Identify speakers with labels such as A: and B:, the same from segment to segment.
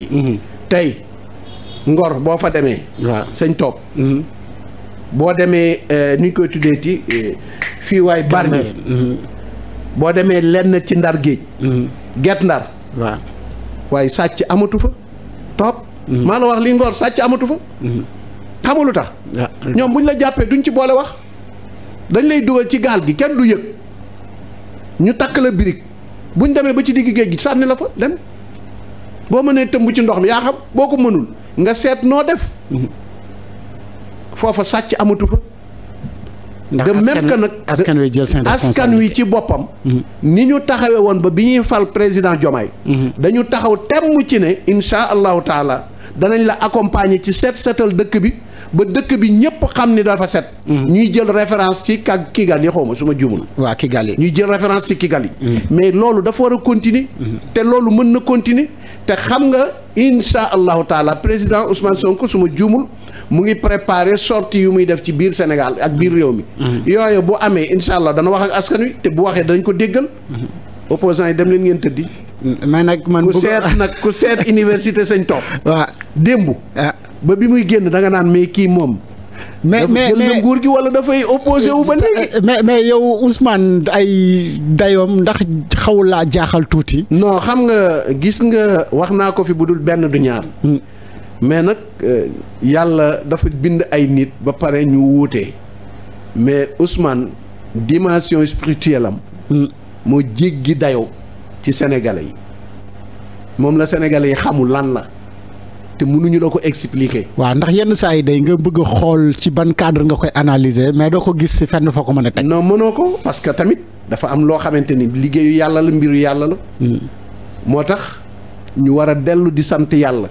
A: Mhm. tey Ngor boo fa demee. waaw sëñ mhm. boo demee euh, nu ñu koy tuddee ci euh, fii waay bar mhm. boo demee lenn ci ndar géej. get ndar. waaye sàcc amatu fa Toob. maa la wax li Ngor sàcc amatu fa. xamul tax. Ah, ñoom buñ la jàppee duñ ci boole wax. dañ lay dugal ci gaal gi kenn du yëg ñu takk la birig buñ demee ba ci digg géej gi sànni la fa dem. boo mënee tëmb ci ndox mi yaa xam boo ko mënul nga seet noo def foofa sàcc amatu fa dem même que nag askan wi jël seen askan wi ci boppam mm-hmm. ni ñu taxawee woon ba bi ñuy fal président Diomaye mm-hmm. dañu taxaw temm ci ne insha allahu taala danañ la accompagner ci seet seetal dëkk bi ba dëkk bi ñëpp xam ni dafa set. Mm-hmm. ñuy jël référence ci kag Kigali xaw ma su ma jumul. waa Kigali ñuy jël référence ci Kigali. Mm-hmm. mais loolu dafa war a continuer. Mm-hmm. te loolu mën na continuer te xam nga insha allahu taala président Ousmane Sonko su ma juumul. mu ngi préparé sortie yu muy def ci biir Sénégal ak biir réew mi. yooyu bu amee incha allah dana wax ak askan wi te bu waxee dañ ko déggal. opposants yi dem leen ngeen tëddi. mais nag man ku seet nag ku seet université sañ toog. démb. Ah. ba bi muy génn da nga naan mais kii moom. mais mais mais nguur gi wala dafay opposé wu ba euh, euh, mais mais yow Ousmane ay dayoom ndax xawul jaaxal tuuti. noo xam nga gis nga wax naa ko fi bu dul benn du ñaar. Hmm. mais nag euh, yàlla dafa bind ay nit ba pare ñu wuute mais Ousmane dimension spirituelle am. Hmm. moo jéggi dayoo ci sénégalais yi moom la sénégalais yi xamul lan la. te mënuñu la ko expliquer. waa ndax yenn saa yi day nga bëgg a xool ci ban cadre nga koy analyser mais doo ko gis si fenn foo ko mën a noo non mënoo ko parce que tamit dafa am loo xamante ni liggéeyu yàlla la mbiru yàlla la. Hmm. moo tax ñu war a dellu di sant yàlla.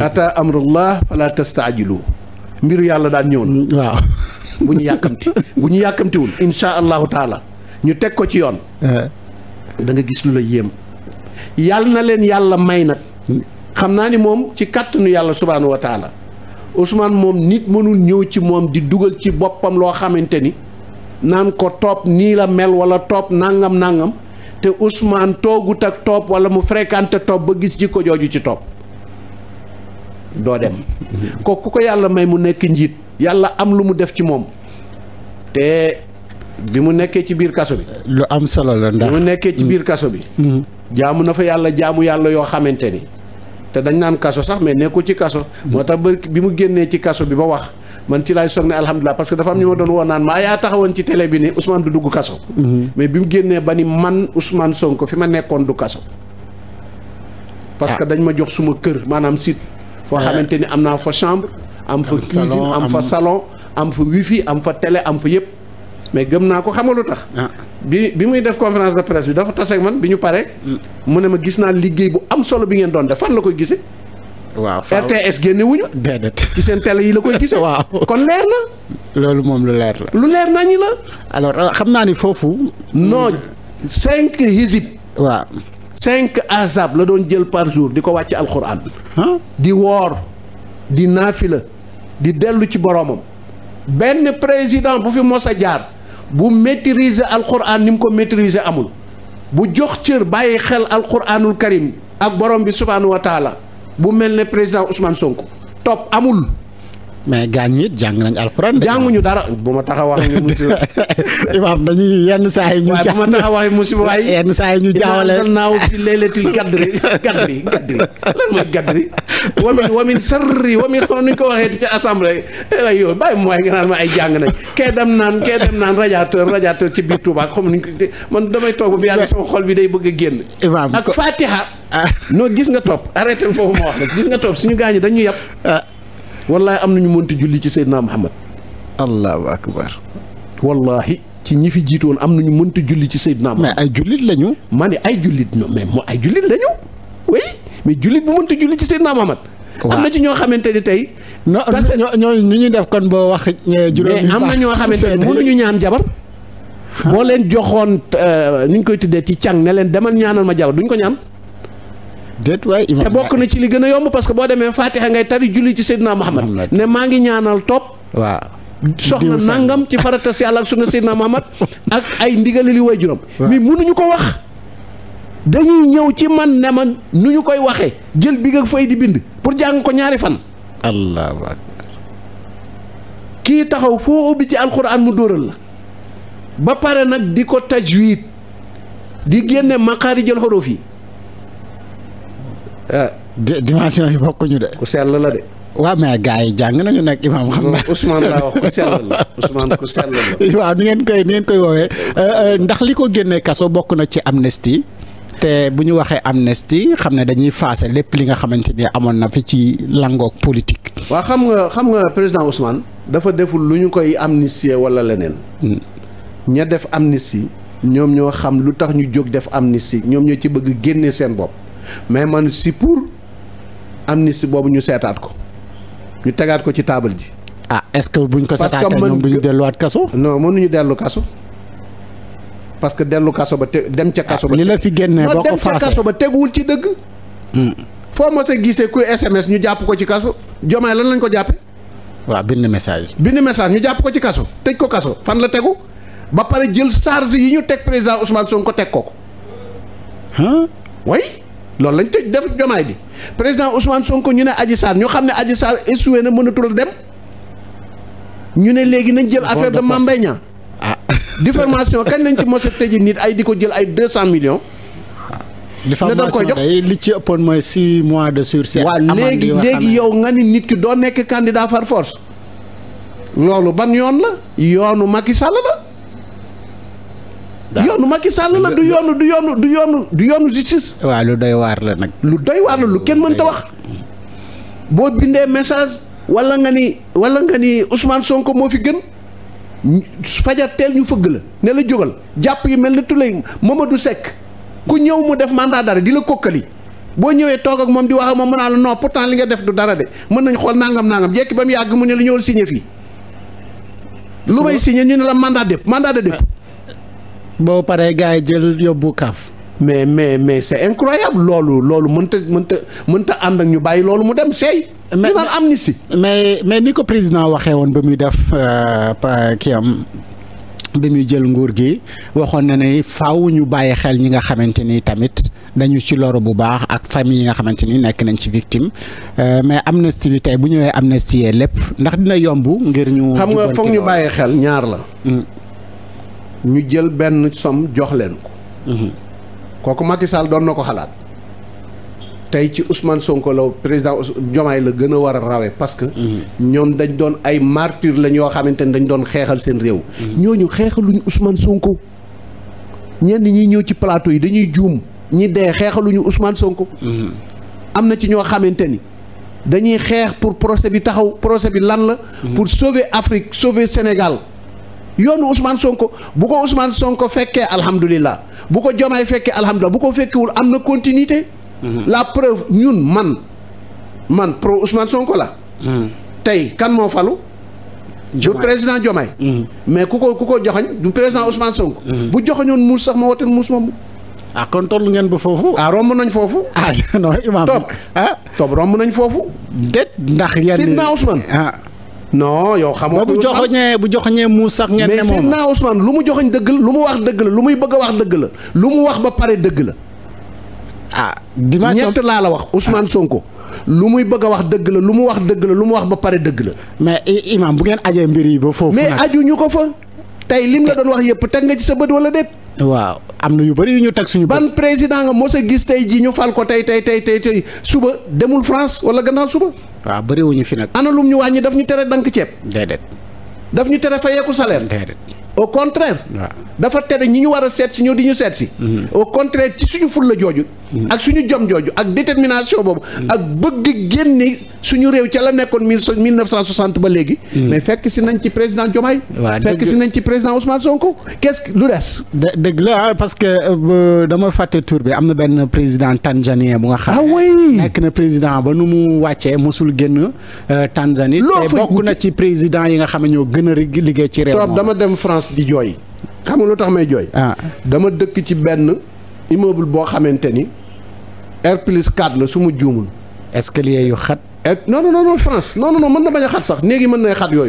A: ata amrullah fala tastaajilu mbiru yàlla daan ñëwoon. Hmm, waaw bu ñu yàkkamti bu ñu yàkkamtiwul. incha allahu taala ñu teg ko ci yoon. Eh. da nga gis lu la yéem. yàlla na leen yàlla may nag. Hmm. xam naa ni moom ci kàttanu yàlla subhaanahu wa taala Ousmane moom nit mënul ñëw ci moom di dugal ci boppam loo xamante ni naan ko topp nii la mel wala topp nangam nangam te Ousmane toogut ak topp wala mu fréquenté topp ba gis jikko jooju ci topp doo dem ko ku ko yàlla may mu nekk njiit yàlla am lu mu def ci moom te bi mu nekkee ci biir kaso bi. lu am solo la ndax bi mu nekkee ci biir kaso bi. Mm-hmm. jaamu na fa yàlla jaamu yàlla yoo xamante ni. te dañ naan kaso sax mais nekkul ci kaso. moo tax ba bi mu génnee ci kaso bi ba wax man ci laay soog ne alhamdulilah parce que dafa am ñu ma doon woo naan maa yaa taxawoon ci télé bi ne Ousmane du dugg kaso. Mhm. mais bi mu génnee ba ni man Ousmane Sonko fi ma nekkoon du kaso. parce que ah. dañ ma jox suma kër maanaam sit foo ah. xamante ni am naa fa chambre. am fa cuisine am fa salon am fa wifi am fa télé am fa yëpp. mais gëm naa ko xam nga lu tax. Ah. bi bi muy def conférence de presse bi dafa taseeg man bi ñu paree. mu ne ma gis naa liggéey bu am solo bi ngeen doon def fan la ko gisee. waaw RTS génne wuñu. déedéet ci seen télé yi la koy gisee. waaw kon leer na. loolu moom lu leer la. lu leer nañu la. alors euh, xam naa ni foofu. non cinq hizib. waaw cinq ahzab la doon jël par jour di ko wàcc alxuraan. di woor di la di dellu ci boroomam. benn président bu fi mos a jaar. bu maîtriser alquran ni mu ko maîtriser amul bu jox cër bàyyi xel alquranul karim ak borom bi subhaanahu wa bu mel ne président Ousmane Sonko topp amul mais gaañ it jàng nañ alxuraan. jànguñu dara bu ma tax a wax ñu dañuy yenn saa yi ñu. waaye bu ma tax a wax musiba waaye. yenn saa yi ñu jaawale imaam naaw fi laylatil gadri gadri gadri lan mooy gadri. wamin wamin sarri wamin xam ko waxee ci assemblée ay yow bàyyi mooy ay jàng nañ kee dem naan kee dem naan radiateur radiateur ci biir Touba xam nuñ ko man damay toog ba yàlla sama xol bi day bëgg a génn. imaam ak Fatiha. Ah. non gis nga topp arrêté foofu ma wax rek gis nga topp suñu gaañu dañu yàpp wallahi am nañu mënti julli ci Seydina Muhammad allahu akbar wallahi ci ñi fi jiitoon am na ñu mënti julli ci Seydina Muhammad mais ay jullit lañu. ma ne ay jullit ñoom mais moo ay jullit lañu oui mais jullit bu mënti julli ci Seydina Muhammad am na ci ñoo xamante ni tey. non ñooñu ñu ñuy def kon boo wax. Eh, juróomi am na ñoo xamante ne mënuñu ñaan jabar. boo leen joxoon euh, ni ñu koy tuddee ci can ne leen demal ñaanal ma jabar duñ ko ñaan. déet te bokk na ci li gën a yomb parce que boo demee Fatiha ngay tari julli ci Seydina Muhammad ne maa ngi ñaanal topp waaw soxna nàngam ci farata si yàlla ak sunna Seydina Muhammad ak ay ndigali li way juróom mi mënuñu ko wax dañuy ñëw ci man ne ma nu ñu koy waxee jël bi nga fay di bind pour jàng ko ñaari fan allahu kii taxaw foo ubbi ci alxuraan mu dóoral la ba pare nag di ko tajwid di génne maqaarijal xorof yi Eh, dimension yi bokkuñu de. ku sell la de. waa mais gars yi jàng nañu nekk imaam xam na Ousmane laa wax ku sell la Ousmane waaw ni ngeen koy ni ngeen koy woowee eh, eh, ndax li ko génnee kaso bokk na ci amnistie. te bu ñu waxee amnistie xam ne dañuy faase lépp li nga xamante ni amoon na fi ci langoog politique. waa xam nga xam nga président Ousmane. dafa deful lu ñu koy amnistier wala leneen. Hmm. ña def amnistie ñoom ñoo xam lu tax ñu jóg def amnistie ñoom ñoo ci bëgg génne seen bopp. mais man si pour amnistie boobu ñu seetaat ko ñu tegaat ko ci taabal ji. ah est-ce que buñ ko seetaatee ñoom duñu delluwaat kaso. non mënuñu dellu kaso. parce que dellu kaso ba te dem ca kaso ba. Ah, li la fi génnee boo ko faasee ba teguwul ci dëgg. Hmm. foo ma sa gisee kuy SMS ñu jàpp ko ci kaso. Diomaye lan lañ ko jàppee. waaw bind message. bind message ñu jàpp ko ci kaso tëj ko kaso fan la tegu ba pare jël charge yi ñu teg président Ousmane ko teg ko ko. ah. loolu lañ tëj def jomaay bi président Ousmane Sonko ñu ne Adji Sarr ñu xam ne Adji Sarr échoué na mënatul dem ñu ne léegi nañ jël affaire de Mame Mbaye Niang ah diffamation kañ lañ ci mos a nit ay di ko jël ay deux cent millions. Ah. diffamation day li ci ëppoon mooy si mois de sur sursis. waaw léegi léegi yow nga ni nit ki doo nekk candidat far force. loolu ban yoon la yoonu Macky Sall la. yoonu Macky Sall la du yoonu du yoonu du yoonu du yoonu justice. waaw lu doy waar la nag. lu doy waar la lu kenn mënta wax boo bindee message walla nga ni wala nga ni Ousmane Sonko moo fi gën fajar teel ñu fëgg la ne la jógal jàpp yi mel ne tulay Mamadou sekk ku ñëw mu def mandat dara di la kokkali. boo ñëwee toog ak moom di wax ak moom mën naa la non pourtant li nga def du dara de mën nañ xool nangam nangam jekki ba mu yàgg mu ne la ñëwal signé lu may signé ñu ne la mandat de mandat de boo paree gars yi jël yóbbu kaaf. mais mais mais c' est incroyable loolu loolu mënta mënta mënta ànd ak ñu bàyyi loolu mu dem seey. mais ñu naan amnistie. mais mais ni ko président waxee woon ba muy def euh, kii am. bi muy jël nguur gi waxoon na ne faw ñu bàyyi xel ñi nga xamante ni tamit dañu ci loru bu baax ak famille yi nga xamante ni nekk nañ ci victime euh, mais amnistie bi tey bu ñëwee amnistie lépp ndax dina yomb ngir ñu. xam nga foog ñu bàyyi xel ñaar la. Hmm. ñu jël benn somme jox leen ko. Mhm. kooku Macky Sall doon na ko xalaat. tey ci Ousmane Sonko la président Diomaye la gën a war a rawe parce que. Mhm. ñoom dañ doon ay martyr lañ yoo xamante ni dañ doon xeexal seen réew. Mhm. ñooñu xeexaluñu Ousmane Sonko. ñenn ñi ñëw ci plateau yi dañuy juum ñi dee xeexaluñu Ousmane Sonko. am na ci ñoo xamante ni. dañuy xeex pour procès bi taxaw procès bi lan la. pour sauver Afrique sauver Sénégal. yoonu Ousmane Sonko bu ko Ousmane Sonko fekkee alhamdulilah bu ko Jomaay fekkee alhamdulilah bu ko fekkewul am na continuité. Mhm. la preuve ñun man man pro Ousmane Sonko la. Mhm. tey kan moo falu. du président Jomaay. Mhm. mais ku ko ku ko joxañ du président Ousmane Sonko. bu joxañoon muus sax ma wooteel muus moom. ah kon toll ngeen ba foofu. ah romb nañ foofu. ah, ah. romb nañ foofu. déet ndax yenn Sidna Ousmane ah. non yow xamoo bu joxoñee bu joxoñee muus sax ngeen ne moom mais Seydina Ousmane lu mu joxoñ dëgg la lu mu wax dëgg la lu muy a wax dëgg la lu mu wax ba pare dëgg la ah dimanche ñett laa la wax Ousmane Sonko lu muy bëgg a wax dëgg la lu mu wax dëgg la lu mu wax ba pare dëgg la mais imam bu ngeen ajee mbir yi ba foofu mais aju ñu ko fa tey lim la doon wax yëpp teg nga ci sa bët wala déet waaw am na yu bëri yu ñu teg suñu. ban président nga mos a gis tey ji ñu fal ko tey tey tey tey tey suba demul France wala gannaaw suba. waaw bëriwuñu fi nag. ana lum ñu wàññi daf ñu tere dank ceeb. déedéet. daf ñu tere fayeeku salaire. déedéet. au contraire. waaw dafa tere ñi ñu war a seet si ñëw di ñu seet si. Mm-hmm. au contraire ci suñu fulla jooju. Mm-hmm. ak suñu jom jooju ak détermination boobu. Mm-hmm. ak bëgg génni suñu réew ca la nekkoon mille neuf cent soixante ba léegi hmm. mais fekk si nañ ci président Diomaye fekk si nañ ci président Ousmane son qu'est-ce lu des dëgg la ah, parce que euh, dama fàtte tur bi am na benn président tanzanien bu nga xam ah ne nekk na président ba nu mu wàccee mosul génn euh, Tanzanie te bokk na ci président yi nga xam ne ñoo gën a liggéey ci réew trop dama dem France di jooy xam nga lu tax may jooy ah. dama dëkk ci benn immeuble boo xamante ni R plus 4 la su ma juumul escalier yu xat et non non non France non non non mën na bañ a xat sax néeg yi mën nay xat yooyu.